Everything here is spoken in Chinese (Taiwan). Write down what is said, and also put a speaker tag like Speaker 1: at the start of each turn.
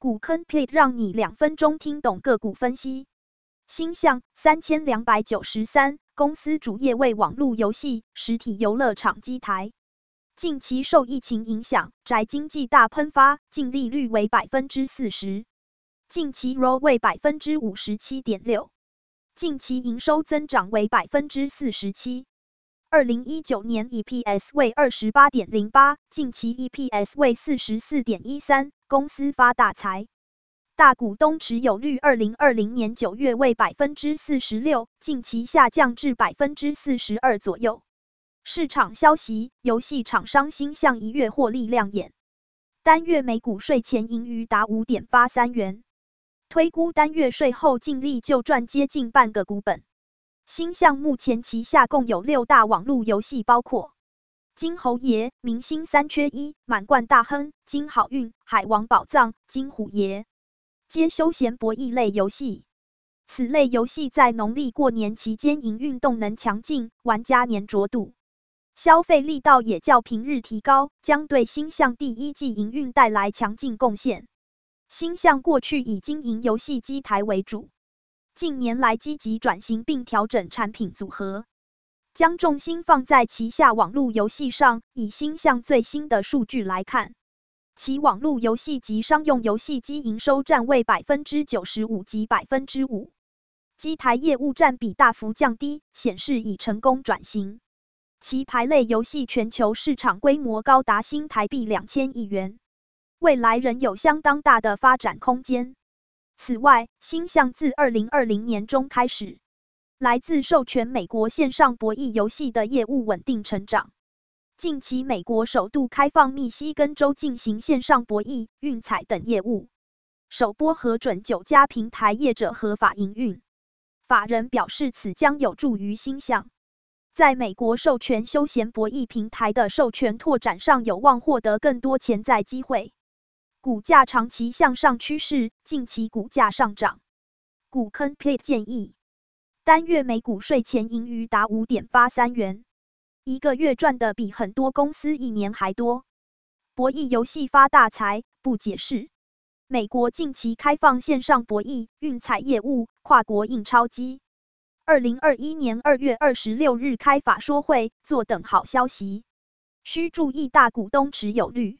Speaker 1: 股坑派讓你兩分鐘聽懂個股分析。鈊象，三千兩百九十三，93，公司主業為網絡遊戲、實體遊樂場機台。近期受疫情影響，宅經濟大噴發，淨利率為百分之四十。近期 ROE 為百分之五十七點六，近期營收增長為百分之四十七。二零一九年 EPS 為二十八點零八，近期 EPS 為四十四點一三，公司發大財。大股東持有率二零二零年九月為百分之四十六，近期下降至百分之四十二左右。市場消息，遊戲廠商鈊象一月獲利亮眼，單月每股稅前盈餘達五點八三元，推估單月稅後淨利就賺接近半個股本。鈊象目前旗下共有六大網絡遊戲，包括金猴爺、明星三缺一、滿貫大亨、金好運、海王寶藏、金虎爺，皆休閒博弈類遊戲。此類遊戲在農曆過年期間營運動能強勁，玩家粘着度、消費力道也較平日提高，將對鈊象第一季營運帶來強勁貢獻。鈊象過去以經營遊戲機台為主。近年來積極轉型並調整產品組合，將重心放在旗下網絡遊戲上。以鈊象最新的數據來看，其網絡遊戲及商用遊戲機營收佔位百分之九十五及百分之五，機台業務佔比大幅降低，顯示已成功轉型。棋牌類遊戲全球市場規模高達新台幣兩千億元，未來仍有相當大的發展空間。此外，鈊象自2020年中開始，來自授權美國線上博弈遊戲的業務穩定成長。近期，美國首度開放密西根州進行線上博弈、運彩等業務，首波核准九家平台業者合法營運。法人表示，此將有助於鈊象在美國授權休閒博弈平台的授權拓展上，有望獲得更多潛在機會。股價長期向上趨勢，近期股價上漲。股坑 p e t e 建議，單月每股稅前盈餘達5.83元，一個月賺的比很多公司一年還多。博弈遊戲發大財，不解釋。美國近期開放線上博弈、運彩業務、跨國印鈔機。2021年2月26日開法說會，坐等好消息。需注意大股東持有率。